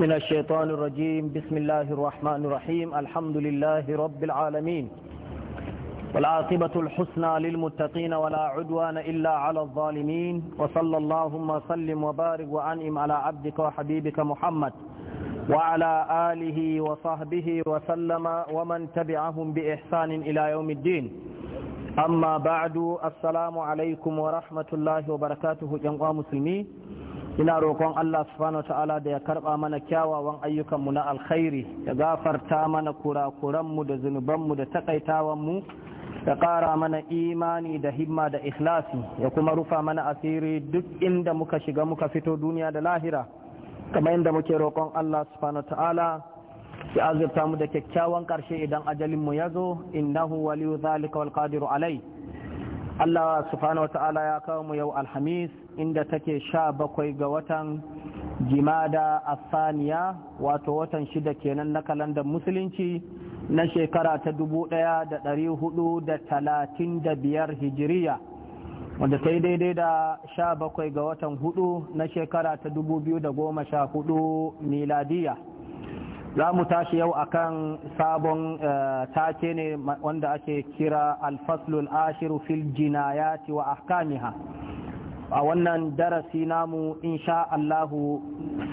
من الشيطان الرجيم بسم الله الرحمن الرحيم الحمد لله رب العالمين والعاقبة الحسنى للمتقين ولا عدوان إلا على الظالمين وصلى اللهم سلم وبارك وأنعم على عبدك وحبيبك محمد وعلى آله وصحبه وسلم ومن تبعهم بإحسان إلى يوم الدين أما بعد السلام عليكم ورحمة الله وبركاته جمع مسلمين ina roƙon Allah subhanahu wa ta'ala da ya karɓa mana kyawawan ayyukanmu na alkhairi ya gafarta mana kurakuranmu da zunubanmu da takaitawanmu ya ƙara mana imani da himma da ikhlasi ya kuma rufa mana asiri duk inda muka shiga muka fito duniya da lahira kamar inda muke roƙon Allah subhanahu wa ta'ala ya azurta mu da kyakkyawan ƙarshe idan ajalinmu ya zo innahu waliyu zalika wal qadiru alai Allah subhanahu wa ta'ala ya kawo mu yau alhamis inda take sha bakwai ga watan jimada asaniya wato watan shida kenan na kalandar musulunci na shekara ta dubu ɗaya da ɗari hudu da talatin da biyar hijiriya wanda ta yi daidai da sha bakwai ga watan hudu na shekara ta dubu biyu da goma sha hudu miladiya za mu tashi yau akan sabon eh, take ne wanda ake kira alfaslul ashiru fil jinayati wa ahkamiha a wannan darasi namu in sha Allahu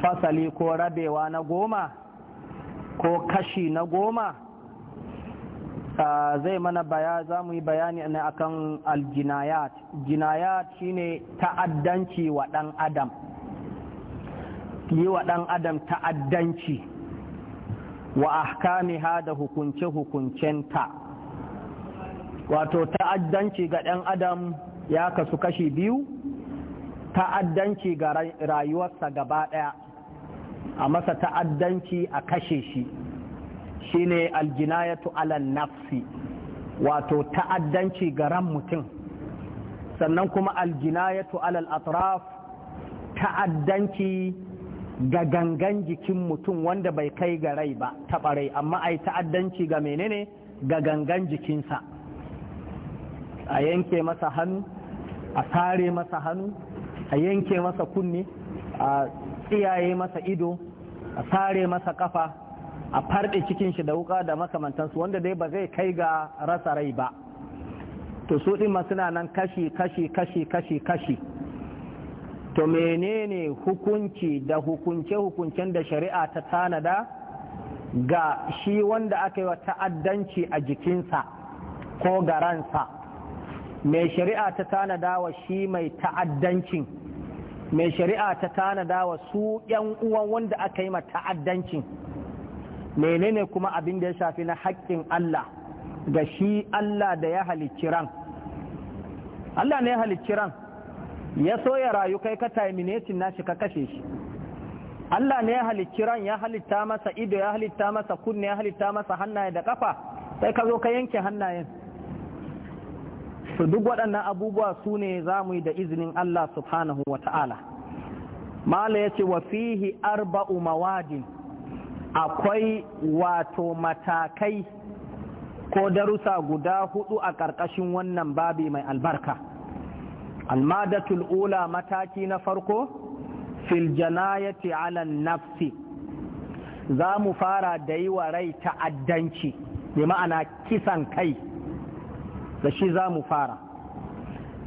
fasali ko rabewa na goma ko kashi na goma zai mana baya za mu yi bayani ne akan aljinayat jinayat shine ta'addanci wa ɗan adam yi wa ɗan adam ta'addanci wa ahkamiha da hukunce-hukuncenta wato ta'addanci ga ɗan adam ya kasu kashi biyu ta'addanci ga rayuwarsa gaba ɗaya a masa ta'addanci a kashe shi shine aljinayatu alal nafsi wato ta'addanci ga ran mutum sannan kuma aljinayatu alal atraf ta'addanci ga gangan jikin mutum wanda bai kai ga rai ba taɓa rai amma ai ta'addanci ga menene ga gangan jikinsa a yanke masa hannu a sare masa hannu a yanke masa kunne a tsiyaye masa ido a sare masa kafa a farɗe cikin shi da wuka da makamantansu wanda dai ba zai kai ga rasa rai ba to su ɗin suna nan kashi kashi kashi kashi kashi to menene hukunci da hukunce hukuncen da shari'a ta tanada ga shi wanda aka yi wa ta'addanci a jikinsa ko ga ransa mai shari'a ta tanada wa shi mai ta'addancin mai shari'a ta tanada wa su yan uwan wanda aka yi ma ta'addancin menene kuma abin da ya shafi na haƙƙin Allah ga shi Allah da ya halicci ran Allah ne ya halicci ran ya so ya rayu kai ka terminating nashi ka kashe shi Allah ne ya halicci ran ya halitta masa ido ya halitta masa kunne ya halitta masa hannaye da kafa sai ka zo ka yanke hannayen to duk waɗannan abubuwa su ne za mu yi da izinin Allah subhanahu wa ta'ala mala ya ce wa fihi arba'u mawadin akwai wato matakai ko darussa guda hudu a ƙarƙashin wannan babi mai albarka almadatul ula mataki na farko fil janayati ala nafsi za mu fara da yi wa rai ta'addanci bi ma'ana kisan kai da shi za mu fara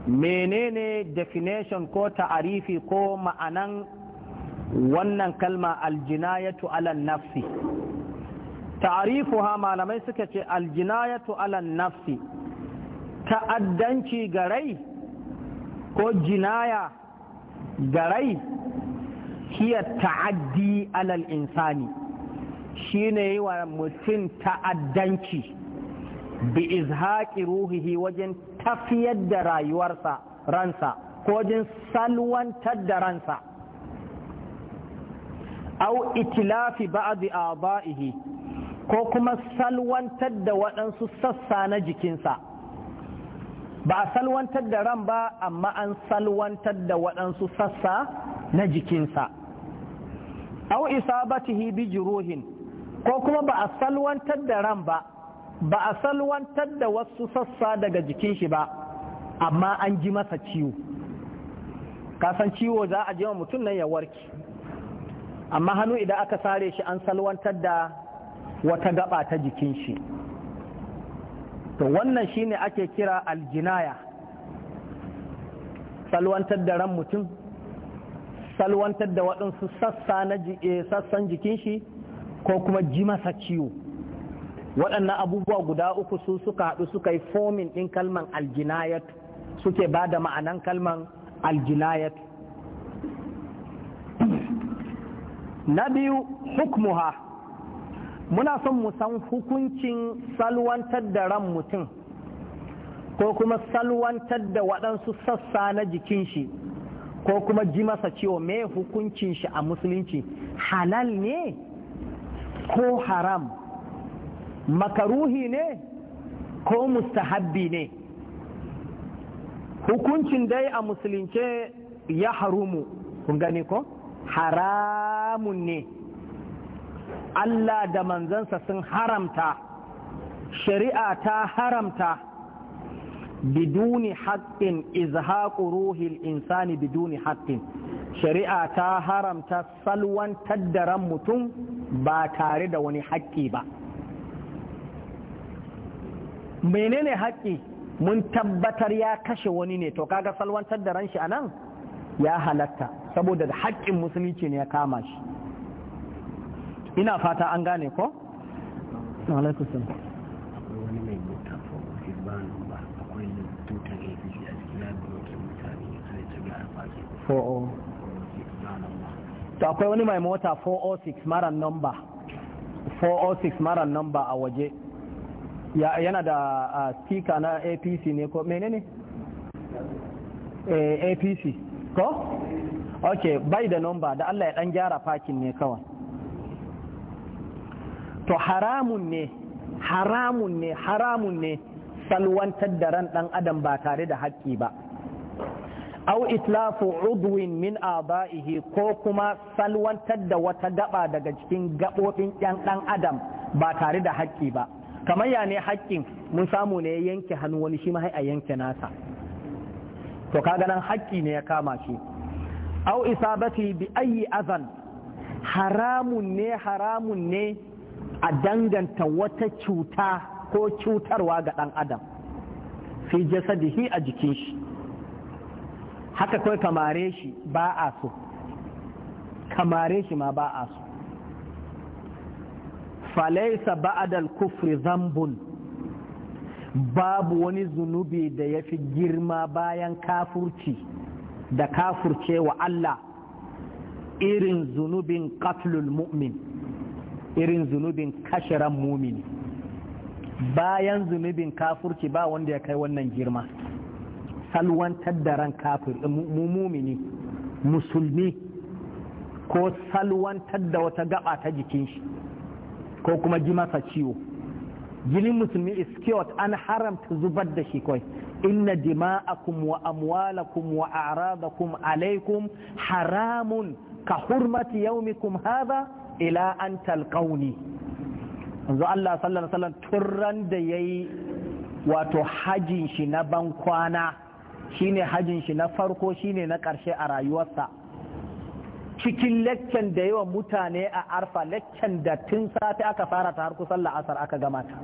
menene definition ko ta'arifi ko ma'anan wannan kalma aljinayatu alan nafsi ta'arifuha malamai suka ce aljinayatu alan nafsi ta'addanci ga rai ko jinaya ga rai hiya ta'addi alal insani shine yi wa mutum ta'addanci bi izhaqi ruhihi wajen tafiyar da rayuwarsa ransa ko wajen salwantar da ransa au itilafi ba'di a'dha'ihi ko kuma salwantar da waɗansu sassa na jikinsa ba a salwantar da ran ba amma an salwantar da waɗansu sassa na jikinsa au isabatihi bi juruhin ko kuma ba a salwantar da ran ba ba a salwantar da wasu sassa daga jikin shi ba amma an ji masa ciwo kasan ciwo za a wa mutum nan ya warke amma hannu idan aka sare shi an salwantar da wata gaba ta jikin shi to wannan shine ake kira aljinaya salwantar da ran mutum salwantar da waɗansu sassa na eh, sassan jikin shi ko kuma ji masa ciwo waɗannan abubuwa guda uku su suka haɗu suka yi fomin ɗin kalman aljinayat suke ba da ma'anan kalman aljinayat na biyu hukmuha muna son mu san hukuncin salwantar da ran mutum ko kuma salwantar da waɗansu sassa na jikin shi ko kuma ji masa ciwo me hukuncin shi a musulunci halal ne ko haram makaruhi ne ko mustahabbi ne hukuncin dai a musulunce ya harumu kun gani ko haramun ne Allah da manzansa sun haramta shari'a ta haramta biduni haƙƙin izhaƙu ruhil insani biduni haƙƙin shari'a ta haramta salwantar da ran mutum ba tare da wani haƙƙi ba menene haƙƙi mun tabbatar ya kashe wani ne to kaga salwantar da ran shi a nan ya halatta saboda haƙƙin musulunci ne ya kama shi ina fata an gane ko? Oh. to akwai wani mai mota 406 mara number 406 mara number a waje yana da speaker na apc ne ko menene eh, apc ko ok bai da nomba da allah ya dan gyara fakin ne kawai to haramun ne haramun ne haramun ne salwantar da ran dan adam ba tare da haƙƙi ba au itlafu udwin min aba'ihi ko kuma salwantar da wata gaba daga cikin gaɓoɓin 'yan ɗan adam ba tare da haƙƙi ba kamar ya ne hakkin mun samu ne yanke hannu wani shi mahai a yanke nasa to kaga nan haƙƙi ne ya kama shi au isabati bi ayi azan haramun ne haramun ne a danganta wata cuta ko cutarwa ga ɗan adam fi jasadihi a jikin shi haka kawai kamare shi ba a so kamare shi ma ba a so falaisa ba'adal kufri zambun babu wani zunubi da ya fi girma bayan kafurci da kafurce wa Allah irin zunubin qatlul mu'min irin zunubin kashiran mumini bayan zunubin kafurci ba wanda ya kai wannan girma salwantar da ran kafir mumini musulmi ko salwantar da wata gaba ta jikin shi ko kuma ji masa ciwo jinin musulmi is an haramta zubar da shi kawai inna dima'akum wa amwalakum wa a'radakum alaikum haramun ka hurmati yaumikum hadha ila an talqawni yanzu Allah sallallahu alaihi wasallam turran da yayi wato hajin shi na bankwana shine hajin shi na farko shine na karshe a rayuwarsa cikin laccan da yawan mutane a arfa laccan da tun sati aka fara ta har kusan la'asar aka gamata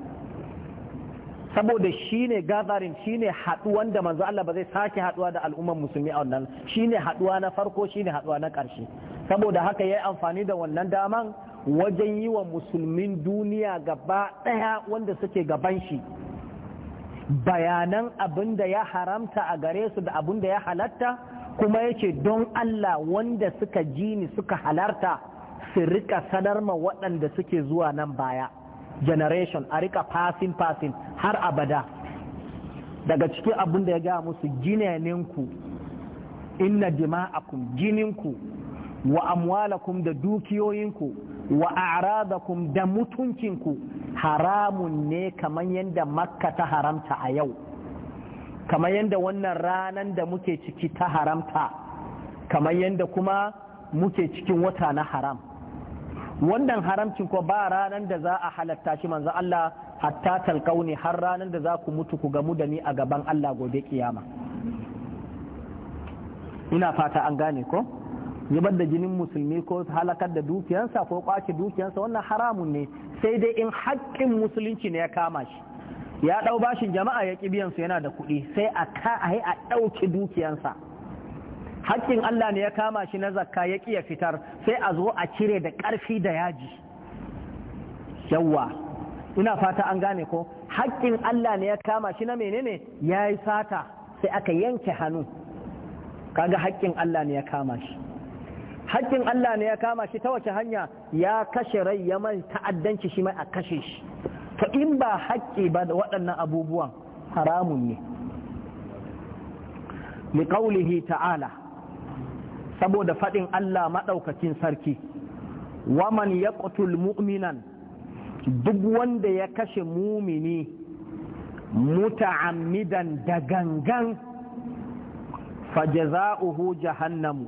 saboda shine gathering shine haduwan da manzo Allah ba zai sake haduwa da al'umman musulmi a wannan shine haduwa na farko shine haduwa na karshe saboda haka ya yi amfani da wannan daman wajen yi wa musulmin duniya gaba daya wanda suke gaban shi bayanan abin da ya haramta a gare su da abin da ya halatta kuma yace don Allah wanda suka ji ni suka halarta su rika sanar ma waɗanda suke zuwa nan baya generation a rika passing passing har abada daga cikin abin da ya gaya musu gineninku inna dima'akum jininku wa amwalakum da dukiyoyinku wa a'radakum da mutuncinku haramun ne kamar yadda makka ta haramta a yau kamar yadda wannan ranan da muke ciki ta haramta kamar yadda kuma muke cikin wata na haram wannan haramcin ko ba ranan da za a halatta shi manzo Allah hatta talqauni har ranan da za ku mutu ku gamu da ni a gaban Allah gobe kiyama ina fata an gane ko zubar da jinin musulmi ko halakar da dukiyansa ko kwace dukiyansa wannan haramun ne sai dai in haƙƙin musulunci ne ya kama shi ya ɗau bashin jama'a ya biyan su yana da kuɗi sai a ka a a ɗauke dukiyansa hakkin Allah ne ya kama shi na zakka ya ƙi ya fitar sai a zo a cire da ƙarfi da yaji yawwa ina fata an gane ko hakkin Allah ne ya kama shi na menene ya yi sata sai aka yanke hannu kaga hakkin Allah ne ya kama shi hakkin Allah ne ya kama shi ta wace hanya ya kashe rai ya man ta'addanci shi mai a kashe shi to in ba haƙƙi ba da waɗannan abubuwan haramun ne liƙaulihi ta'ala saboda faɗin Allah maɗaukakin sarki waman ya mu'minan duk wanda ya kashe mumini muta'ammidan da gangan fa fajaza'uhu jahannamu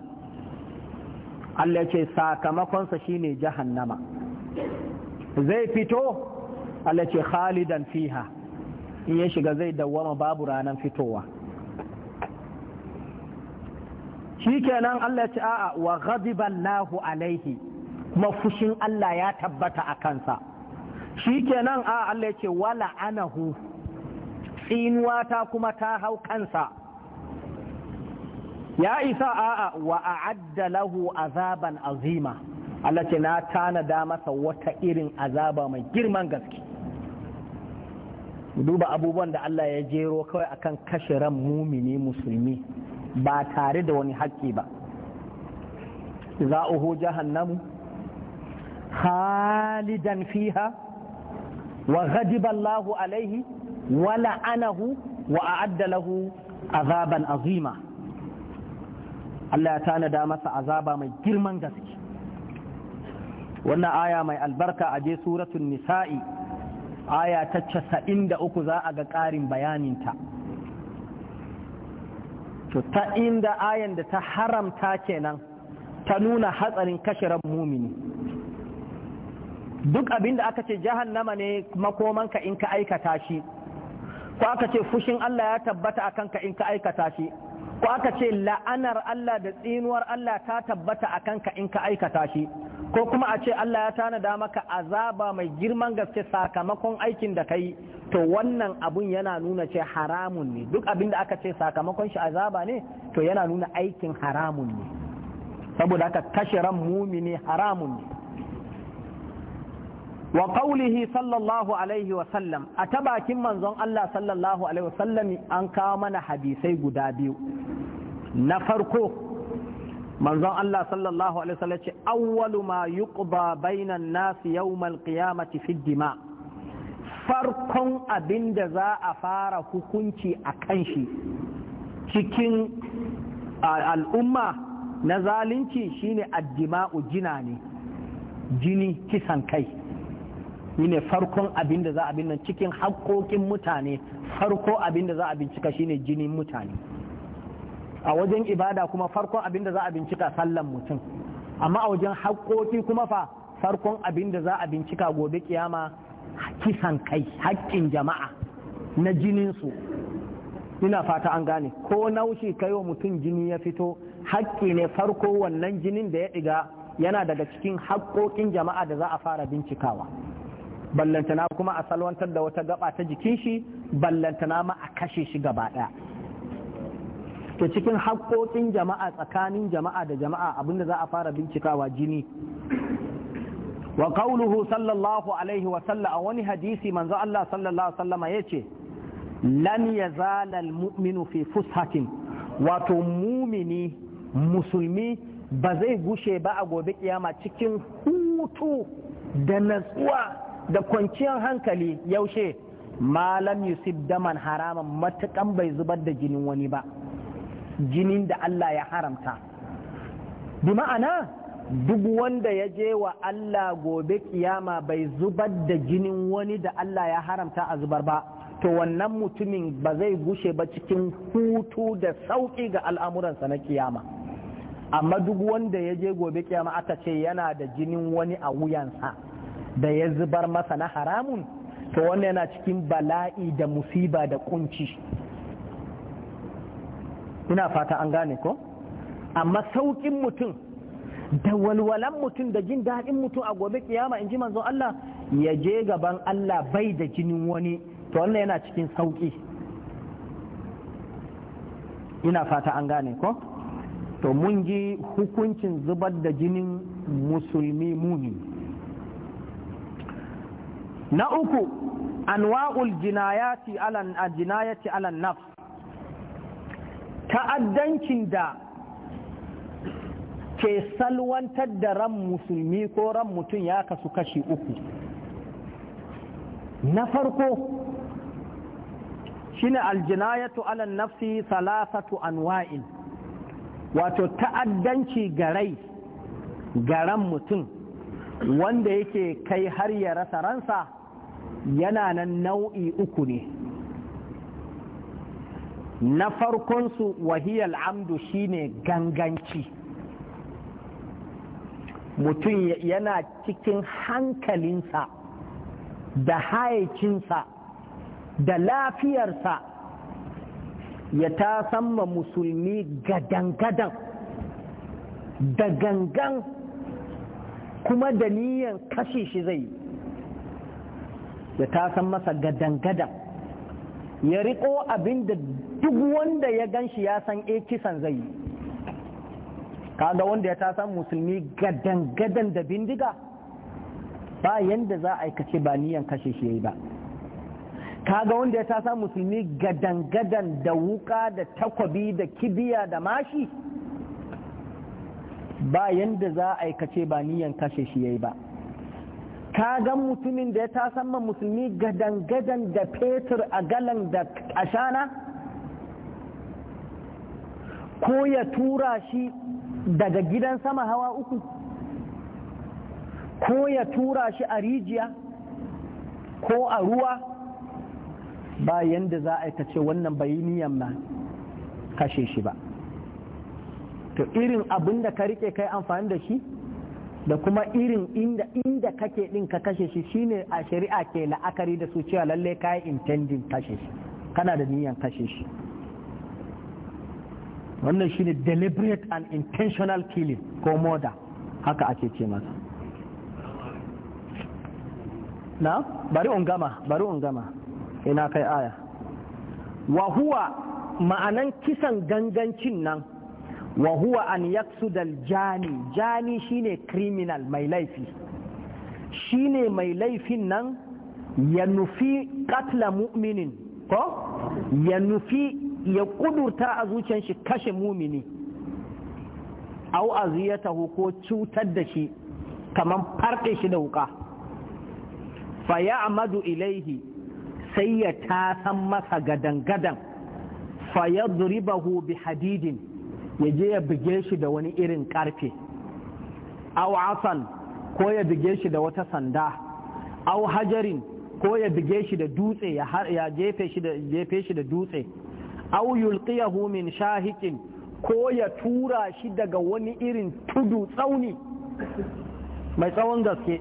Allah ce sakamakonsa shine jahannama zai fito Allah ce khalidan fiha in ya shiga zai dawwama babu ranar fitowa shikenan Allah ce a'a wa ghadiba Allahu alaihi kuma fushin Allah ya tabbata a kansa shikenan a Allah ce wala anahu tsinuwa ta kuma ta hau kansa ya isa a'a wa a'adda lahu azaban azima Allah ce na tanada masa wata irin azaba mai girman gaske duba abubuwan da Allah ya jero kawai akan kashe ran mumini musulmi ba tare da wani haƙƙi ba za'uhu jahannamu khalidan fiha wa ghadiba Allahu alaihi wa la'anahu wa a'adda lahu azaban azima Allah ya tanada masa azaba mai girman gaske wannan aya mai albarka a je suratul nisa'i aya ta casa'in da uku za a ga ƙarin bayaninta to ta inda ayan da ta haramta kenan ta nuna hatsarin kashe ran mumini duk abin da aka ce jahannama ne makomanka in ka aikata shi ko aka ce fushin Allah ya tabbata a kanka in ka aikata shi ko aka ce la'anar Allah da tsinuwar Allah ta tabbata a kanka in ka aikata shi ko kuma a ce Allah ya tanada maka azaba mai girman gaske sakamakon aikin da kai to wannan abun yana nuna ce haramun ne duk abin da aka ce sakamakon shi azaba ne to yana nuna aikin haramun ne saboda haka kashe ran mumini haramun ne wa qawlihi sallallahu alaihi wa sallam a ta bakin manzon Allah sallallahu alaihi wa sallam an kawo mana hadisai guda biyu na farko manzon Allah sallallahu alaihi wasallam ce awwalu ma yuqba bainan nasi yawmal qiyamati fi dima farkon abin da za a fara hukunci a kan shi cikin al'umma na zalunci shine addima'u jina ne jini kisan kai ne farkon abin da za a nan cikin haƙoƙin mutane farko abin da za a bincika shine jinin mutane a wajen ibada kuma farkon abin da za a bincika sallan mutum amma a wajen haƙƙoƙi kuma fa farkon abin da za a bincika gobe kiyama kisan kai haƙƙin jama'a na jininsu ina fata an gane ko naushi kai wa mutum jini ya fito haƙƙi ne farko wannan jinin da ya ɗiga yana daga cikin haƙƙoƙin jama'a da za a fara bincikawa ballantana kuma a salwantar da wata gaba ta jikin shi ballantana ma a kashe shi gaba ɗaya to cikin haƙoƙin jama'a tsakanin jama'a da jama'a abinda za a fara bincikawa jini wa qauluhu sallallahu alaihi wa sallam a wani hadisi manzo Allah sallallahu alaihi wasallama yace lan zalal muminu fi fushatin wato mumini musulmi ba zai gushe ba a gobe kiyama cikin hutu da natsuwa da kwanciyar hankali yaushe malam yusuf daman haraman matakan bai zubar da jinin wani ba jinin da Allah ya haramta bi ma'ana duk wanda ya je wa Allah gobe kiyama bai zubar da jinin wani da Allah ya haramta a zubar ba to wannan mutumin ba zai gushe ba cikin hutu da sauƙi ga al'amuransa na kiyama amma duk wanda ya je gobe kiyama aka ce yana da jinin wani a wuyansa da ya zubar masa na haramun to wannan yana cikin bala'i da musiba da kunci ina fata an gane ko amma sauƙin mutum da walwalan mutum da jin daɗin mutum a gobe kiyama in ji manzo Allah ya je gaban Allah bai da jinin wani to wannan yana cikin sauƙi ina fata an gane ko to mun ji hukuncin zubar da jinin musulmi muni na uku anwa'ul jinayati alan jinayati alan nafs ta'addancin da ke salwantar da ran musulmi ko ran mutum ya kasu kashi uku na farko shine aljinayatu ala nafsi salasatu anwa'in wato ta'addanci garai rai ga ran mutum wanda yake kai har ya rasa ransa yana nan nau'i uku ne na farkonsu wahiyar amdu shine ganganci mutum yana cikin hankalinsa da hayacinsa da lafiyarsa ya ta samma musulmi gadan-gadan da gangan kuma da niyan kashe shi zai ya ta san masa gadan-gadan ya riko abin da duk wanda ya gan shi ya san a eh, kisan zai yi kaga wanda ya tasan musulmi gadan gadan da bindiga ba yanda za a aikace ba niyan kashe shi yayi ba kaga wanda ya tasan musulmi gadan gadan da wuka da takwabi da kibiya da mashi ba yanda za a aikace ba niyan kashe shi yayi ba ka gan mutumin da ya tasan musulmi gadan gadan da fetur a galan da ashana ko ya tura shi daga gidan sama hawa uku ko ya tura shi a rijiya ko a ruwa ba yadda za a ce wannan bayi niyan ma kashe shi ba to irin abin da ka rike kai amfani da shi da kuma irin inda kake din ka kashe shi shine a shari'a ke la'akari da su cewa lalle kai intending kashe shi kana da niyan kashe shi wannan ne deliberate and intentional killing ko murder haka ake ce masa na bari ungama bari ungama ina kai aya wa huwa ma'anan kisan gangancin nan wa huwa an yaksudal jani jani shine criminal mai laifi shine mai laifin nan ya nufi katla mu'minin ko ya nufi ya kudurta a zuciyar shi kashe mumini au taho ko cutar da shi kamar farke shi da wuka fa ya amadu ilaihi sai ya tasan masa gadan-gadan fa ya zuribahu bi hadidin ya je ya buge shi da wani irin karfe au asan ko ya buge shi da wata sanda au hajarin ko ya buge shi da dutse ya jefe shi da dutse aw yulqiyahu min shahikin ko ya tura shi daga wani irin tudu tsauni mai tsawon gaske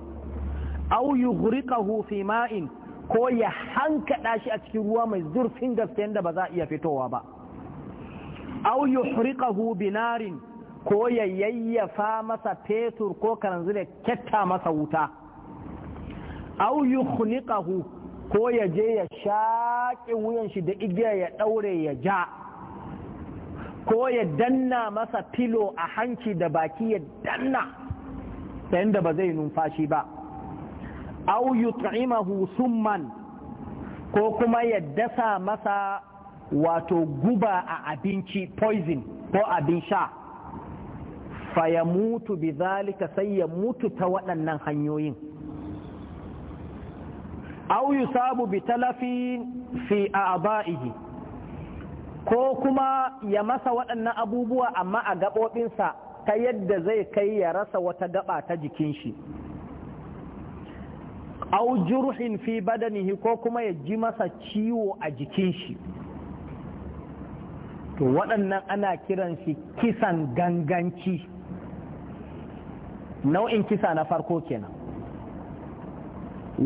aw yughriqahu fi ma'in ko ya hankada shi a cikin ruwa mai zurfin gaske da ba za iya fitowa ba aw yuhriqahu binarin ko ya yayyafa masa fetur ko karanzu da ketta masa wuta aw yukhniqahu ko ya je ya shaƙi wuyan shi da igiya ya ɗaure ya ja ko ya danna masa filo a hanci da baki ya danna ta yadda ba zai numfashi ba au yut'imahu summan ko kuma ya dasa masa wato guba a abinci poison ko abin sha fa ya mutu bi zalika sai ya mutu ta waɗannan hanyoyin aw yusabu bi talafi fi a'ba'ihi ko kuma ya masa waɗannan abubuwa amma a gaɓoɓinsa ta yadda zai kai ya rasa wata gaɓa ta jikin shi aw jurhin fi badanihi ko kuma ya ji masa ciwo a jikin shi to waɗannan ana kiran shi kisan ganganci nau'in kisa na farko kenan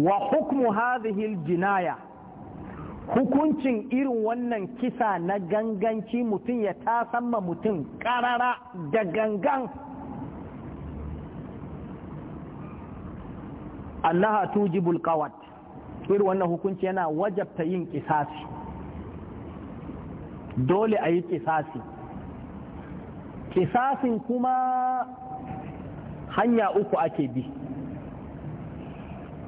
wa hukmu hadhihi jinaya hukuncin irin wannan kisa na ganganci mutum ya tasamma mutum karara da gangan annaha tujibul qawat irin wannan hukunci yana wajabta yin kisasi dole a yi kisasi kisasin kuma hanya uku ake bi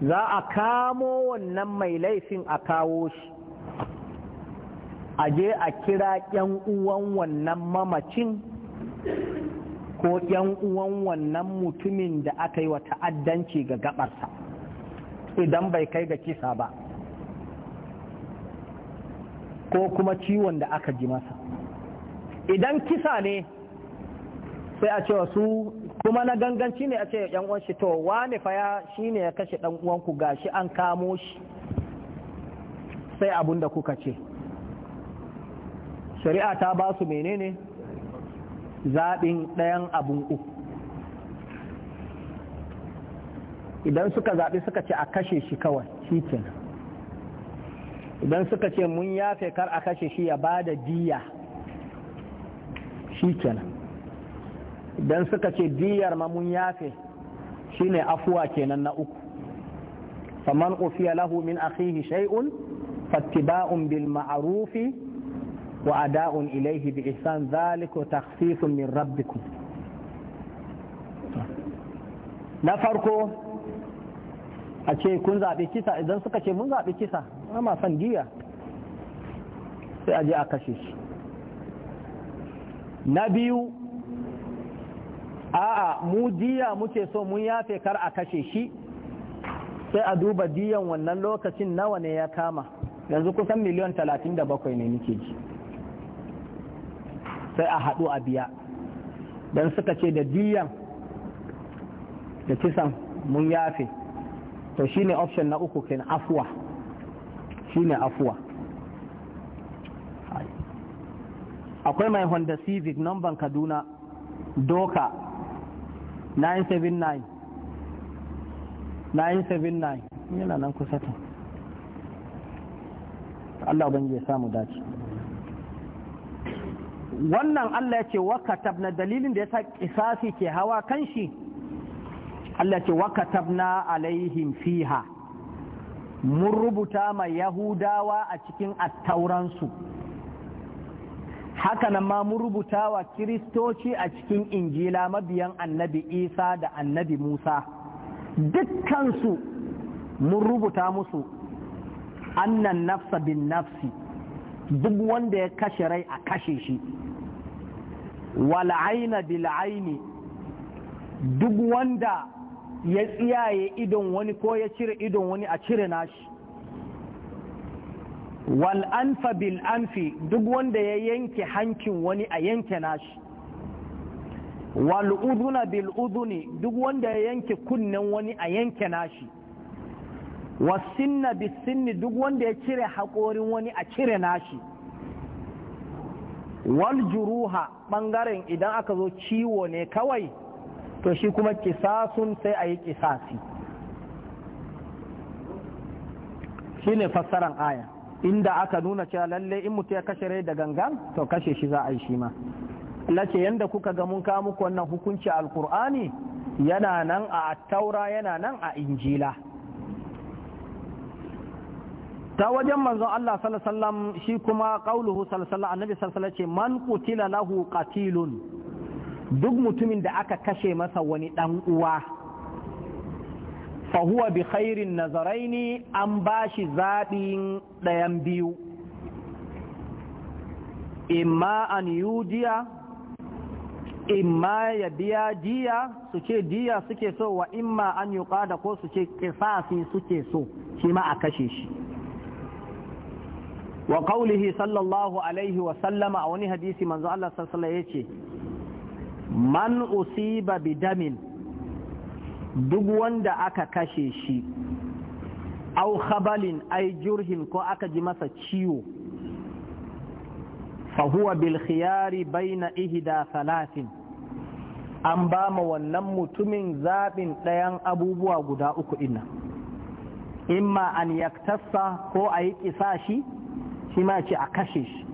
za a kamo wannan mai laifin a kawo shi a je a kira ‘yan uwan wannan mamacin ko ‘yan uwan wannan mutumin da aka yi wa ta'addanci ga gabarsa idan bai kai ga kisa ba ko kuma ciwon da aka ji masa idan kisa ne sai a cewa su kuma na ganganci ne a ce yan uwan shi to wane fa ya shine ya kashe dan uwan ku gashi an kamo shi sai abun da kuka ce shari'a ta ba su menene zaɓin ɗayan abun uku idan suka zaɓi suka ce a kashe shi kawai shi kenan idan suka ce mun yafe kar a kashe shi ya bada da diya shi kenan dan suka ce diyar ma mun yafe shine afuwa kenan na uku faman ufiya lahu min akhihi shay'un fattiba'un bil ma'rufi wa ada'un ilayhi bi ihsan zalika takhfifun min rabbikum na farko a ce kun zaɓi kisa idan suka ce mun zaɓi kisa ma son diya sai a je a kashe shi na biyu a'a mu diya muke so mun yafe kar a kashe shi sai a duba diyan wannan lokacin nawa ne ya kama yanzu kusan miliyan talatin da bakwai ne nike ji sai a haɗu a biya don suka ce da diyan da kisan mun yafe to shine option na uku kin afuwa shine afuwa akwai mai honda civic namban kaduna doka 979 yana nan kusa ta Allah ban ya samu dace wannan Allah ya ce wakatabna dalilin da ya sa kisasi ke hawa kan shi Allah ya ce wakatabna alaihim fiha mun rubuta mai yahudawa a cikin attauransu haka nan ma mun rubuta wa kiristoci a cikin injila mabiyan annabi isa da annabi musa dukkansu mun rubuta musu annan nafsa bin nafsi duk wanda ya kashe rai a kashe shi wal'aina bil'aini duk wanda ya tsiyaye idon wani ko ya cire idon wani a cire nashi wal anfa bil anfi duk wanda ya yanke hankin wani a yanke nashi wal uduna bil uduni duk wanda ya yanke kunnen wani a yanke nashi was sinna bis sinni duk wanda ya cire haƙorin wani a cire nashi wal juruha bangaren idan aka zo ciwo ne kawai to shi kuma kisasun sai ayi yi kisasi shi ne fassaran aya inda aka nuna cewa lalle in mutu ya kashe rai da gangan to kashe shi za a yi shi ma lace yanda kuka ga mun kawo muku wannan hukunci alkur'ani yana nan a taura yana nan a injila ta wajen manzon Allah sallallahu shi kuma qauluhu sallallahu annabi wasallam ce man qutila lahu qatilun duk mutumin da aka kashe masa wani dan uwa fa huwa bi khairin nazaraini an bashi zaɓin ɗayan biyu imma an yudiya imma ya biya diya su ce suke so wa imma an yi ko su ce suke so shi ma a kashe shi wa qaulihi sallallahu alaihi wa a wani hadisi manzo Allah sallallahu ya ce man usiba bi damin duk wanda aka kashe shi au khabalin ai jurhin ko aka ji masa ciwo fahuwa bil khiyari baina ihda salatin an ba ma wannan mutumin zaɓin ɗayan abubuwa guda uku ina imma an yaktasa ko a yi ƙisa shi ma ce a kashe shi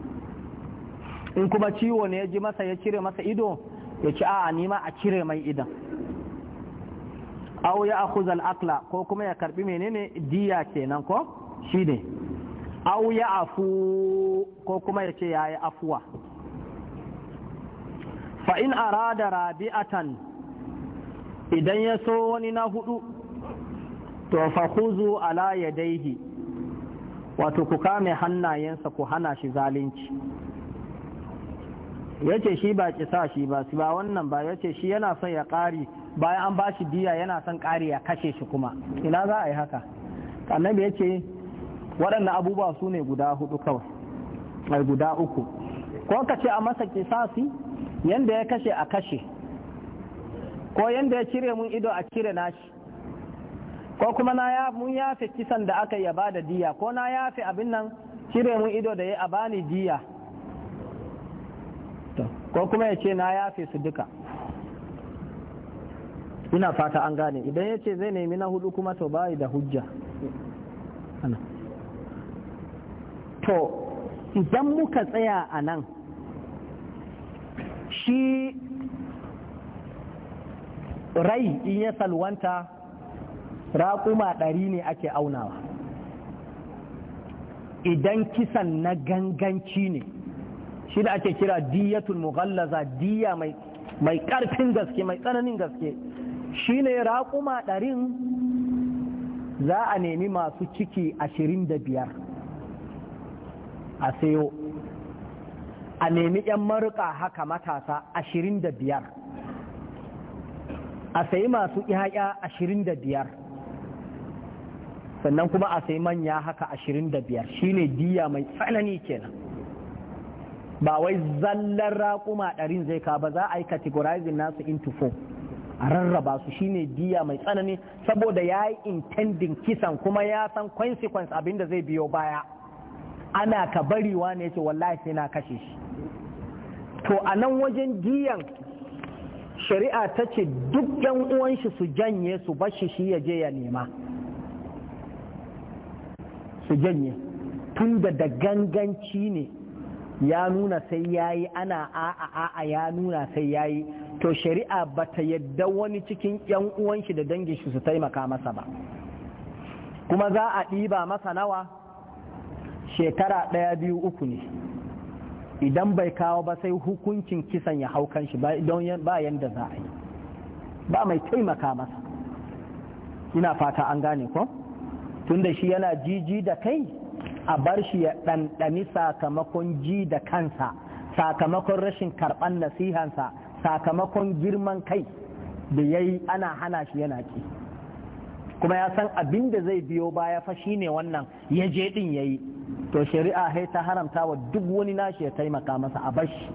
in kuma ciwo ne ya ji masa ya cire masa ido ya ci ni ma a cire mai idan aw ya akhuzal akla ko kuma ya karbi menene diya kenan ko shine aw ya afu ko kuma ya ce yayi afuwa fa in arada rabi'atan idan ya so wani na hudu to fa khuzu ala yadayhi wato ku kame hannayensa ku hana shi zalunci ya ce shi ba kisa shi ba su ba wannan ba ya ce shi yana son ya ƙari bayan an ba shi diya yana son ƙari ya kashe shi kuma ina za a yi haka annabi ya ce waɗanda abubuwa su ne guda hudu kawai ai guda uku ko ka ce a masa kisasi yanda ya kashe a kashe ko yanda ya cire mun ido a cire nashi ko kuma mun yafe kisan da aka yi ba da diya ko na yafe abin nan cire mun ido da ya a bani diya ko kuma ya ce na yafe su duka ina fata an gane idan ya ce zai nemi na hudu kuma to bayi da hujja to idan muka tsaya a nan shi rai in ya salwanta raƙuma ɗari ne ake aunawa idan kisan na ganganci ne shi da ake kira diyatul mughallaza diya mai mai karfin gaske mai tsananin gaske shine raƙuma ɗarin za a nemi masu ciki ashirin da biyar a sayo a nemi 'yan maruƙa haka matasa ashirin da biyar a sayi masu yaya ashirin da biyar sannan kuma a sayi manya haka ashirin da biyar Shi ne diya mai tsanani kenan ba wai zallar raƙuma ɗarin zai ka ba za a yi categorizing nasu into four a rarraba su shine diya mai tsanani saboda ya yi intending kisan kuma ya san consequence abin da zai biyo baya ana ka bariwa ne ce wallahi sai na kashe shi to a nan wajen diyan shari'a ta ce duk yan uwan shi su janye su bashi shi ya je ya nema su janye tunda da ganganci ne ya nuna sai yayi ana a'a a'a ya nuna sai yayi to shari'a bata yadda wani cikin yan uwan shi da dangin shi su taimaka masa ba kuma za a ɗiba masa nawa shekara ɗaya biyu uku ne idan bai kawo ba sai hukuncin kisan ya hau kanshi ba yadda za a yi ba mai taimaka masa ina fata an gane ko tunda shi yana jiji da kai a bar shi ya ɗanɗani sakamakon ji da kansa sakamakon rashin karɓan nasihansa sakamakon girman kai da ya yi ana hana shi yana ki kuma ya san abin da zai biyo baya fa shi ne wannan ya je ɗin ya yi to shari'a hai ta haramta wa duk wani nashi ya taimaka masa a bar shi?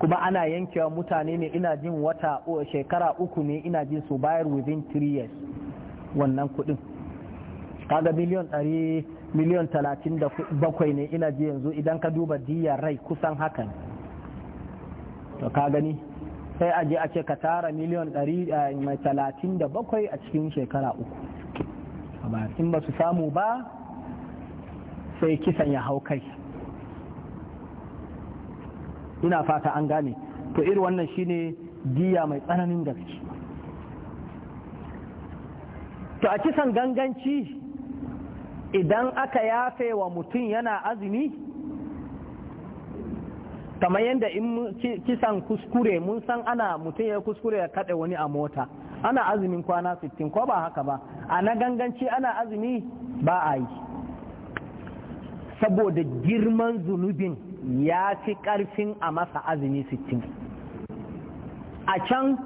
kuma ana yankewa mutane ne ina jin wata shekara uku ne ina jin su bayar within three years wannan kuɗin kaga miliyon ɗari miliyon talatin da bakwai ne ina ji yanzu idan ka duba diyar rai kusan hakan to ka gani sai a je a ce ka tara miliyon ɗari eh, mai talatin da bakwai a cikin shekara uku in ba su samu ba sai kisan ya hau kai ina fata an gane to iri wannan shine diya mai tsananin gaske to a kisan ganganci idan aka yafe wa mutum yana azumi kamar yadda in kisan kuskure mun san ana mutum ya kuskure ya kaɗe wani a mota ana azumin kwana sittin, ko ba haka ba a na ganganci ana azumi ba a yi saboda girman zunubin ya fi ƙarfin a masa azumi 16 a can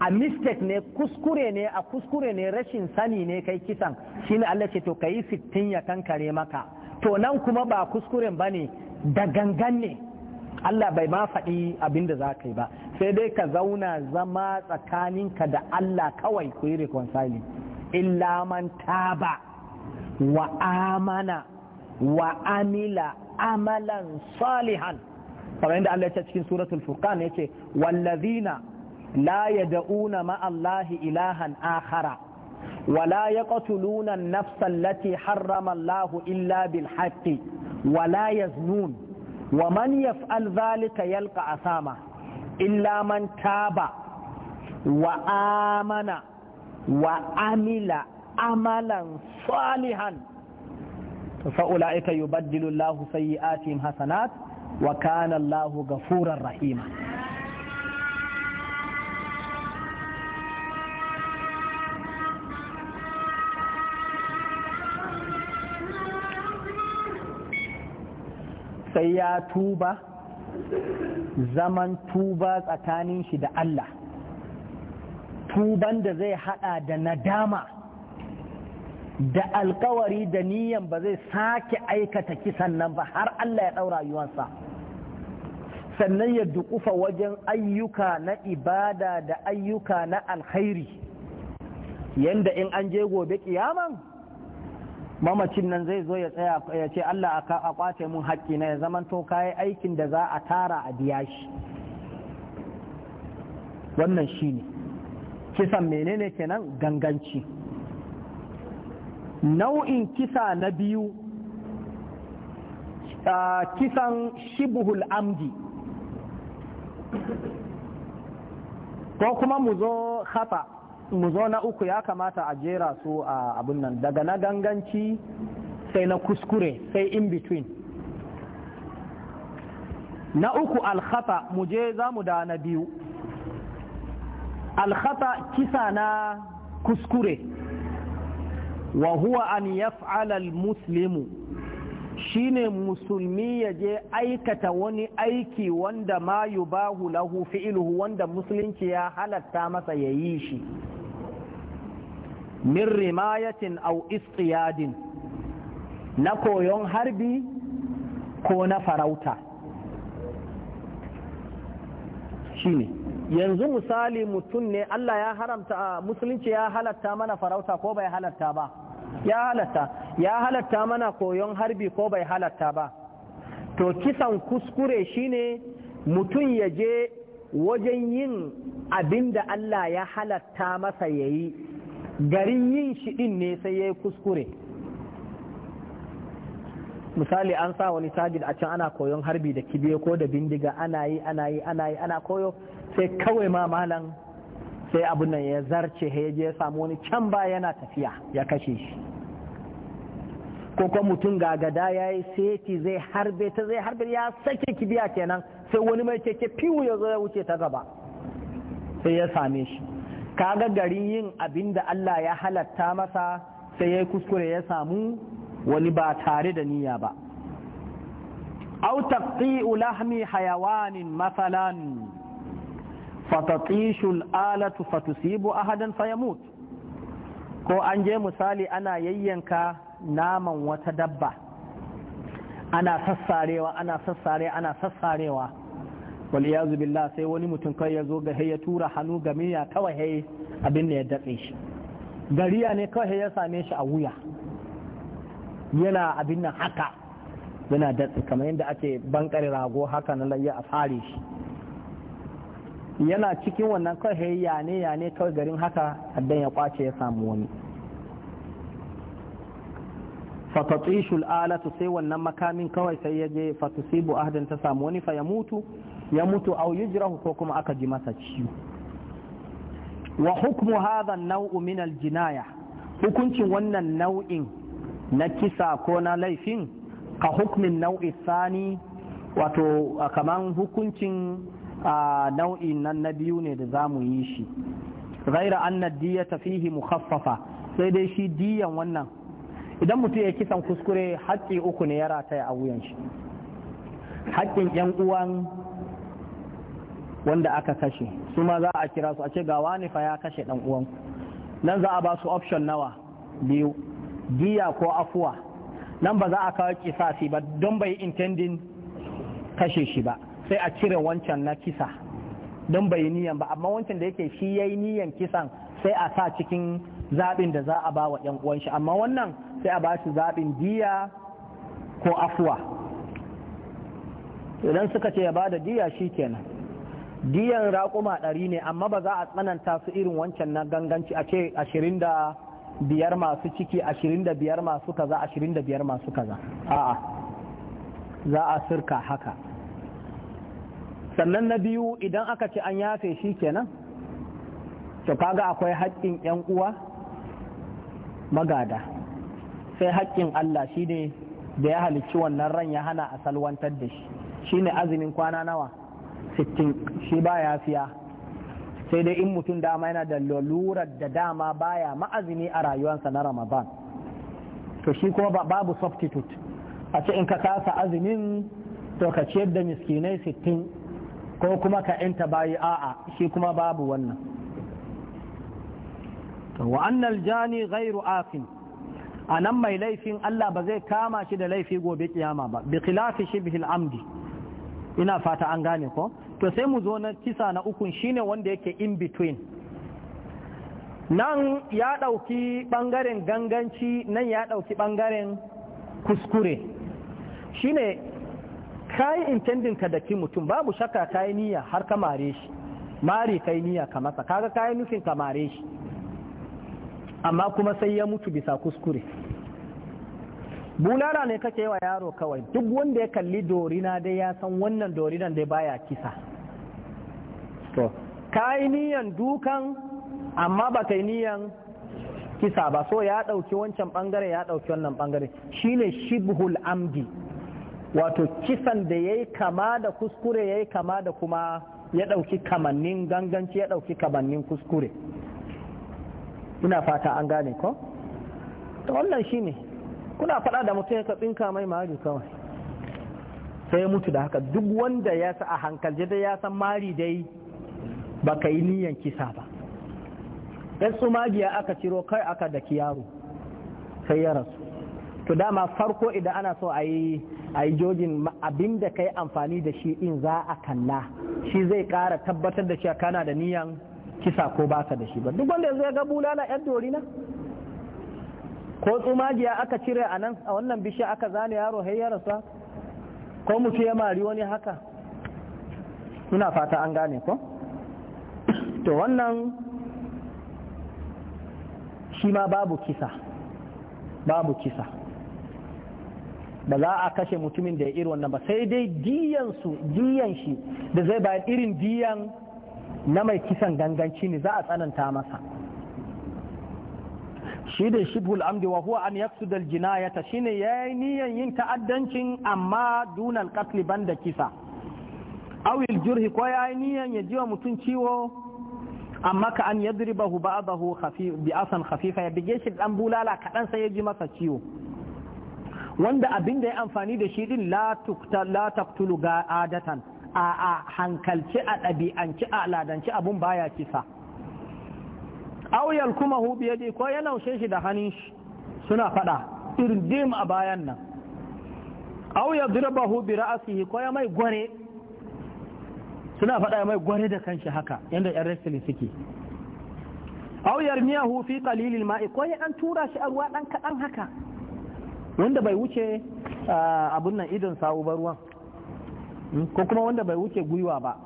a mistake ne kuskure ne a kuskure ne rashin sani ne kai kisan shine Allah ce to kayi sittin ya kankare maka to nan kuma ba kuskuren ba ne da gangan ne Allah bai ma faɗi abin da za ka yi ba sai dai ka zauna zama tsakaninka da Allah kawai ku yi reconciling illa man taba wa amana wa amila amalan salihan kamar yadda Allah ya ce cikin suratul furqan yace wallazina لا يدعون مع الله إلها آخر ولا يقتلون النفس التي حرم الله إلا بالحق ولا يزنون ومن يفعل ذلك يلقى أثاما إلا من تاب وآمن وعمل عملا صالحا فأولئك يبدل الله سيئاتهم حسنات وكان الله غفورا رحيما sai ya tuba zaman tuba tsakanin shi da Allah tuban da zai hada da nadama da alkawari da niyan ba zai sake aikata kisan nan ba har Allah ya ɗaura rayuwarsa sannan ya dukufa wajen ayyuka na ibada da ayyuka na alkhairi yanda in an je gobe kiyaman mamacin nan zai zo ya tsaya ya ce Allah a kwace mun haƙƙi na ya to kayi aikin da za a tara a biya shi wannan shi ne kisan menene kenan ganganci nau'in kisa na biyu kisan shibuhul amdi ko kuma mu zo hafa. mu zo na uku ya kamata a jera su a abin nan daga na ganganci sai na kuskure sai in between na uku alkhata mu je za mu da na biyu alkhata kisa na kuskure wa huwa an yaf'ala al-muslimu shine musulmi ya je aikata wani aiki wanda ma yubahu lahu fi'luhu wanda musulunci ya halatta masa ya yi shi min rimayatin au isqiyadin na koyon harbi ko na farauta shine yanzu misali mutum ne Allah ya haramta musulunci ya halatta mana farauta ko bai halatta ba ya halatta ya halatta mana koyon harbi ko bai halatta ba to kisan kuskure shine mutum ya je wajen yin abin da Allah ya halatta masa ya yi garin yin shi din ne sai ya yi kuskure misali an sa wani sajid a can ana koyon harbi da kibiya ko da bindiga ana yi ana yi ana yi ana koyo sai kawai ma malam sai abun nan ya zarce ya je ya samu wani can ba yana tafiya ya kashe shi ko kuma mutum gagada ya yi seti zai harbe ta zai harbe ya sake kibiya kenan sai wani mai keke fiwu ya zo ya wuce ta gaba sai ya same shi kaga garin yin abin da Allah ya halatta masa sai ya yi kuskure ya samu wani ba tare da niyya ba Au taqti'u lahmi hayawanin matsalan fatatishu alatu fatusibu ahadan fayamut ko an je misali ana yayyanka naman wata dabba ana sassarewa ana sassare ana sassarewa wal billah sai wani mutum kai ya zo ga ya tura hannu ga miya kawai hey abin da ya datse shi gariya ne kawai ya same shi a wuya yana abin nan haka yana datse kamar yadda ake bankare rago haka na layya a fare shi yana cikin wannan kawai ya ne ya ne kawai garin haka addan ya kwace ya samu wani fatatishul alatu sai wannan makamin kawai sai ya je fatusibu ahdan ta samu wani fa ya mutu ya mutu au yujrahu ko kuma aka ji masa ciwo wa hukumu hada nau'u min jinaya hukuncin wannan nau'in na kisa ko na laifin ka hukmin nau'i sani wato kamar hukuncin nau'in nan na biyu ne da za mu yi shi ghaira anna diyata fihi mukhaffafa sai dai shi diyan wannan idan mutum ya kisan kuskure haƙƙi uku ne ya rataya a wuyan shi haƙƙin 'yan uwan wanda aka kashe su ma za a kira su a ce ga wani fa ya kashe dan uwanku nan za a ba su option nawa biyu giya ko afuwa nan ba za a kawo kisasi ba don bai intending kashe shi ba sai a cire wancan na kisa don bai niyan ba amma wancan da yake shi yayi niyan kisan sai a sa cikin zaɓin da za a ba wa ‘yan uwan shi amma wannan sai a ba shi zaɓin diya ko afuwa idan suka ce ya bada da diya shi kenan diyan raƙuma ɗari ne amma ba za a tsananta su irin wancan na ganganci a ce ashirin da biyar masu ciki ashirin da biyar masu kaza ashirin da biyar masu kaza a'a za a sirka haka sannan na biyu idan aka ci an yafe shi kenan to kaga akwai haƙƙin 'yan uwa magada sai haƙƙin Allah shine da ya halicci wannan ran ya hana a salwantar da shi shine azumin kwana nawa 60 shi ba ya fiya sai dai in mutum dama yana da lalurar da dama baya ma'azini a rayuwarsa na ramadan to shi kuma babu substitute a ce in ka kasa azumin to ka ciyar da miskinai 60 ko kuma ka inta bayi a'a shi kuma babu wannan wa'annan jani gairu afin a nan mai laifin Allah ba zai kama shi da laifi gobe kiyama ba bi khilafi shibhil amdi ina fata an gane ko to sai mu zo na kisa na ukun shine wanda yake in between nan ya ɗauki ɓangaren ganganci nan ya ɗauki ɓangaren kuskure shine kayi intending ka daki mutum babu shakka kayi niyya har ka mare shi mari kai niyya ka masa kaga kayi nufin ka mare shi amma kuma sai ya mutu bisa kuskure bulala ne kake wa yaro kawai duk wanda ya kalli dorina dai ya san wannan dorinan dai baya kisa to ka yi niyan dukan amma ba ka yi niyan kisa ba so ya ɗauki wancan ɓangare ya ɗauki wannan ɓangare shine shibhul amdi wato kisan da ya yi kama da kuskure ya yi kama da kuma ya ɗauki kamannin ganganci ya ɗauki kamannin kuskure ina fata an gane ko wannan shine kuna faɗa da mutum ka tsinka mai mari kawai sai ya mutu da haka duk wanda ya sa a hankalce da ya san mari dai ba ka yi niyan kisa ba yan su magiya aka ciro kai aka da yaro sai ya rasu to dama farko idan ana so a yi jojin abin da ka yi amfani da shi in za a kalla shi zai kara tabbatar da shi kana da niyan kisa ko ba ka da shi ba duk wanda ya ga bulala yan dorina ko tsumagiya aka cire a nan a wannan bishiya aka zane yaro hayyarsa ko mutu ya mari wani haka ina fata an gane ko to wannan shi ma babu kisa babu kisa ba za a kashe mutumin da ya iri wannan ba sai dai diyansu diyan shi da zai bayan irin diyan na mai kisan ganganci ne za a tsananta masa shi da shibhul amdi wa huwa an yaqsud al jinayata shine yayi niyan yin ta'addancin amma dunal qatl banda kisa aw al jurhi ko yayi niyan ya jiwa mutun ciwo amma ka an yadribahu ba'dahu khafif bi asan khafifa ya bige shi dan bulala kadan sai ya ji masa ciwo wanda abin da ya amfani da shi din la tukta la taqtulu ga adatan a a hankalci a ɗabi'anci a ladanci abun baya kisa auyal kuma hubi ya ko ya naushe shi da hannun shi suna fada irdim a bayan nan auyal dirba hubi ra'asihi ko ya mai gware suna fada ya mai gware da kanshi haka yadda yan wrestling suke auyar miya hufi kalilin ma'i ko ya an tura shi a ruwa dan kaɗan haka wanda bai wuce abun nan idon sawu ba ruwan hmm, ko kuma wanda bai wuce gwiwa ba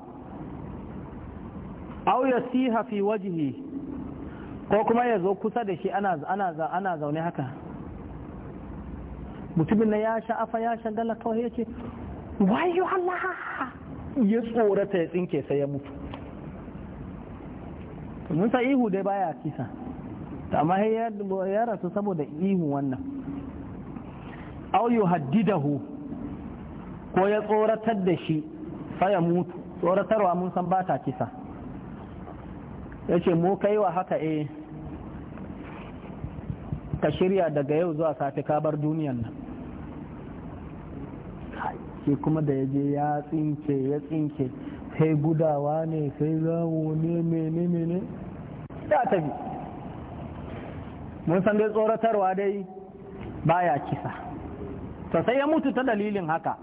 auyar siha fi wajihi ko kuma ya zo kusa da shi ana zaune haka mutumin na ya sha'afa ya sha gala kawai ya ce wayo Allah ya tsorata ya tsinke sai ya mutu mun sa ihu dai baya kisa amma ya rasu saboda ihu wannan au haddidahu ko ya tsoratar da shi sai ya mutu tsoratarwa mun san ba ta kisa ya ce mu kai wa haka eh ka shirya daga yau zuwa safe kabar duniyan nan ke kuma da ya je ya tsinke ya tsinke sai gudawa ne sai zawo ne mene mene ya tafi mun san dai tsoratarwa dai baya kisa to sai ya mutu ta dalilin haka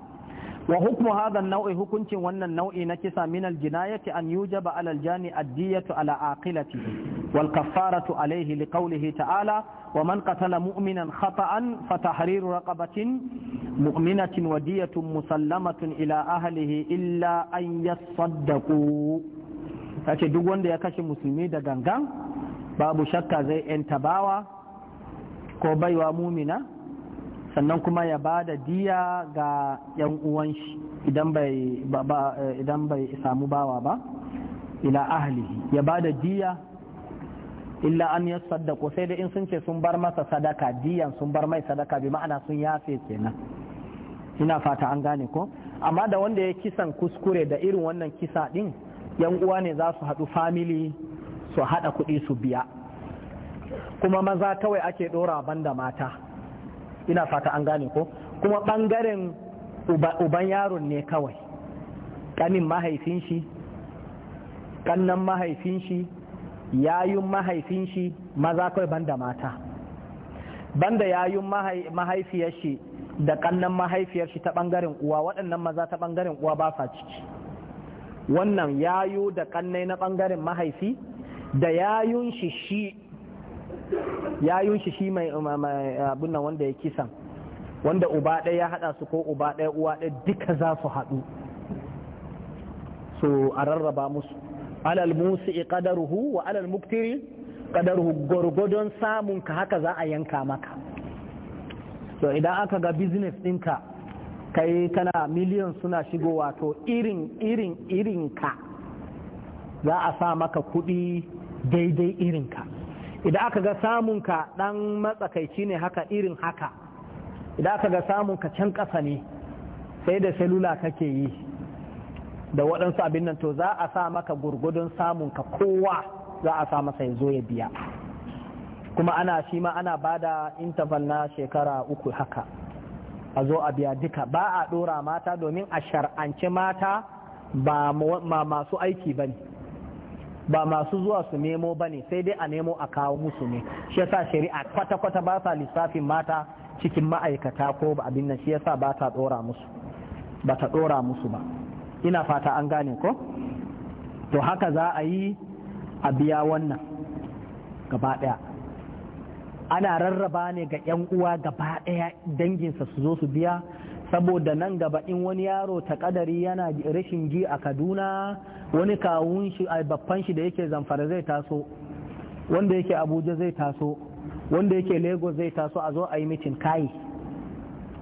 wa hukmu hadha nau'i hukuncin wannan nau'i na kisa min al-jinayati an yujaba ala al-jani ad-diyatu ala aqilatihi wal kaffaratu alayhi liqawlihi ta'ala wa man qatala mu'minan khata'an fa tahriru raqabatin mu'minatin wa diyatun musallamatun ila ahlihi illa an yasaddaqu kace duk wanda ya kashe musulmi da gangan babu shakka zai yanta bawa ko baiwa mumina sannan kuma ya ba da diya ga 'yan uwan shi eh, idan bai samu bawa ba ila ahlihi ya ba da diya illa an ya saddako sai da in sun ce sun bar masa sadaka diyan sun bar mai sadaka bi ma'ana sun yafe kenan ina fata an gane ko amma da wanda ya kisan kuskure da irin wannan kisa din yan uwa ne za su haɗu famili su haɗa kuɗi su biya kuma maza kawai ake ɗora banda mata ina fata an gane ko kuma ɓangaren uban yaron ne kawai Kanin mahaifin shi ƙannan mahaifin shi yayun mahaifin shi maza kawai banda mata banda yayun mahaifiyar shi da kannan mahaifiyar shi ta bangaren uwa waɗannan maza ta bangaren uwa ba sa ciki wannan yayo da kannai na bangaren mahaifi da yayun shi shi yayun shi shi mai abin nan wanda ya kisan wanda uba ɗaya ya haɗa su ko uba ɗaya uwa ɗaya duka za su haɗu so a rarraba musu alal i ƙadaruhu wa alal muktiri ƙadaruhu gwargwadon samun ka haka za a yanka maka so idan aka ga business ɗinka kai kana miliyan suna shigo wato irin irin irin ka za a sa maka kuɗi daidai irin ka idan aka ga samun ka, ɗan matsakaici ne haka irin haka idan aka ga samunka can ƙasa ne sai da selula kake yi da waɗansu abin nan to za a sa maka gurgudun ka kowa za a sa masa ya zo ya biya kuma ana shi ma ana ba da interval na shekara uku haka a zo a biya duka ba a ɗora mata domin a shar'ance mata ba masu aiki ba ne ba masu zuwa su nemo ba ne sai dai a nemo a kawo musu ne shi yasa shari'a kwata-kwata ba sa lissafin mata cikin ma'aikata ko ba abin nan shi yasa ba ta dora musu ba ta dora musu ba ina fata an gane ko to haka za a yi a biya wannan gaba daya ana rarraba ne ga 'yan uwa gaba daya danginsa su zo su biya saboda nan gaba in wani yaro ta kadari yana rashin ji a kaduna wani kawun shi a babban shi da yake zamfara zai taso wanda yake abuja zai taso wanda yake lagos zai taso a zo a yi mitin kai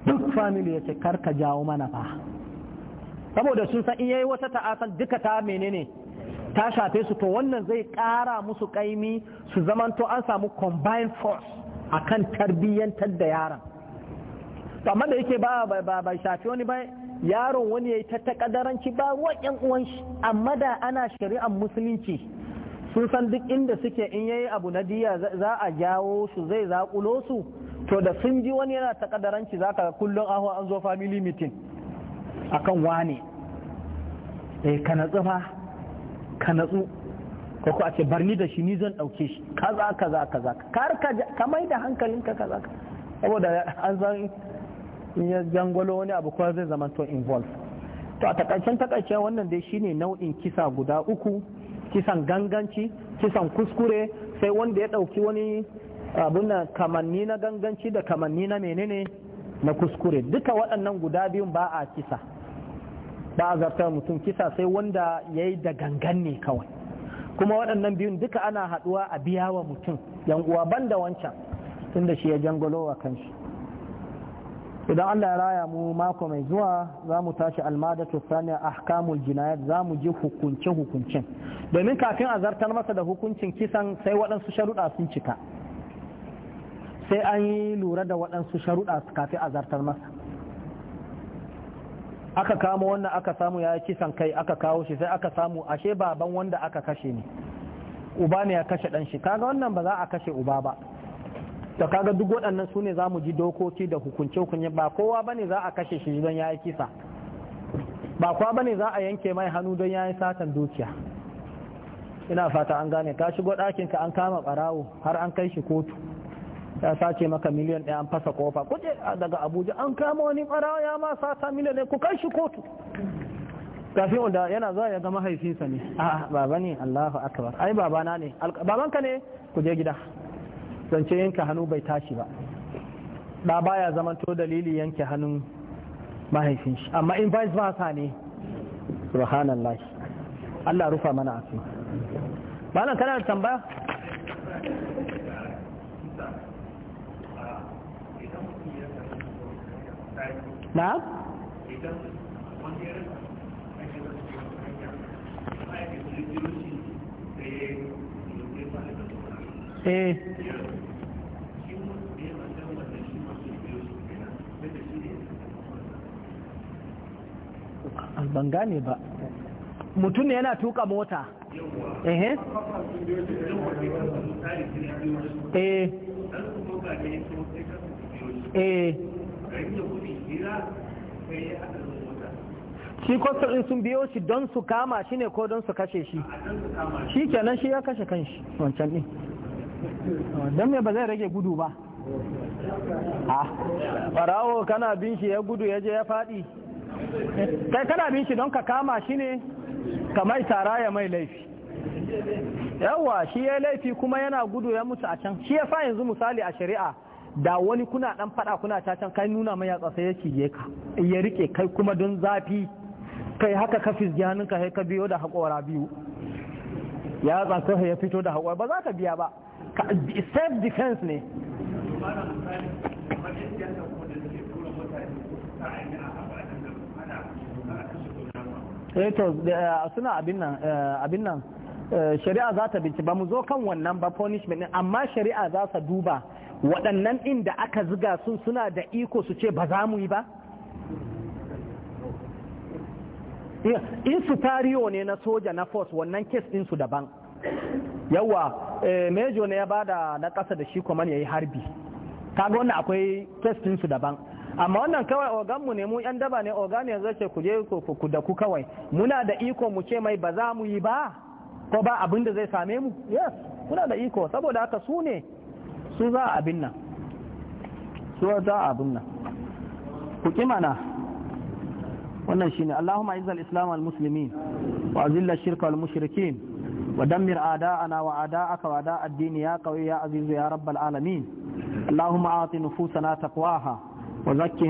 duk family ya ce karka jawo mana ba saboda sun san iya yi wata ta'asan duka ta menene ta shafe su to wannan zai kara musu kaimi su zamanto an samu combined force akan tarbiyyantar da yaran amma da yake ba ba shafi wani bai. yaron wani ya yi ta takadaranci ba ruwan yan uwan shi amma da ana shari'ar musulunci sun san duk inda suke in yayi abu na diya za a jawo su zai zakulo su to da sun ji wani yana takadaranci za zaka kullum aho an zo family meeting A kan wane eh ka natsu fa ka natsu ko ko a ce barni da shi ni zan dauke shi kaza kaza kaza kar ka mai da hankalinka kaza saboda an san in ya jangwalo wani abu kuma zai zama to involve to a takaicen takaice wannan dai shine nau'in kisa guda uku kisan ganganci kisan kuskure sai wanda ya ɗauki wani na kamanni na ganganci da kamanni na menene na kuskure duka waɗannan guda biyun ba a kisa ba a zartar mutum kisa sai wanda ya yi da gangan ne kawai kuma waɗannan biyun duka ana haɗuwa a biya wa mutum yan uwa da wancan tunda shi ya jangolowa kanshi idan Allah ya raya mu mako mai zuwa za mu tashi almada ta saniya ahkamul jinayat za mu ji hukuncin hukuncin domin kafin a zartar masa da hukuncin kisan sai waɗansu sharuɗa sun cika sai an yi lura da waɗansu sharuɗa kafin a zartar masa aka kama wannan aka samu ya kisan kai aka kawo shi sai aka samu ashe baban wanda aka kashe ne uba ne ya kashe ɗanshi shi kaga wannan ba za a kashe uba ba to kaga duk waɗannan su ne za mu ji dokoki da hukunce-hukunce ba kowa ba ne za a kashe shi don ya yi kisa ba kowa ba ne za a yanke mai hannu don ya yi satan dukiya ina fata an gane ka shigo ɗakinka an kama ɓarawo har an kai shi kotu ya sace maka miliyan ɗaya an fasa kofa kuje daga abuja an kama wani ɓarawo ya ma sata miliyan ɗaya ku kai shi kotu kafin da yana zuwa ya ga mahaifinsa ne a baba ne allahu akbar ai babana ne babanka ne ku je gida zance yanke hannu bai tashi ba ɗa baya zaman to dalili yanke hannun mahaifin shi amma in vice versa ne lashi Allah rufa mana asu malam kana da tambaya na eh ban gane ba mutum ne yana tuka mota ehe eh, eh. shi kwastar sun biyo shi don su kama shi ne ko don su kashe shi shi kenan shi ya kashe kanshi wancan ne don me ba zai rage gudu ba a ah, ɓarawo kana bin shi ya gudu ya je ya faɗi kai kana bin shi don ka kama shi ne ka tara ya mai laifi yawa shi ya laifi kuma yana gudu ya mutu a can shi ya sa yanzu misali a shari'a da wani kuna dan fada kuna ta can kai nuna mai yatsa sai ya cije ka ya rike kai kuma don zafi kai haka ka fisge hannunka sai ka biyo da haƙora biyu ya tsaka ya fito da haƙora ba za ka biya ba self defense ne Eh, eh, suna abin nan eh, shari'a za ta binci ba mu zo kan wannan ba punishment amma shari'a za ta duba waɗannan inda aka ziga sun suna da iko su ce ba za mu yi ba in su tariyo ne na soja na force wannan kes din su daban yawa mejo ne ya bada na ƙasa da shi kuma ya yi harbi kaga wannan akwai kes din su daban amma wannan kawai ogan mu ne mu yan daba ne oga ne zai ce ku je ku da ku kawai muna da iko mu ce mai ba za mu yi ba ko ba abin da zai same mu yes muna da iko saboda haka su ne su za a abin nan su za a abin nan ku ki mana wannan shine Allahumma izzal islam al muslimin wa azilla shirka al mushrikin wa dammir a'da'ana wa a'da'aka wa a'da' ad-din ya qawi ya aziz ya rabbal alamin اللهم اعط نفوسنا تقواها وذكر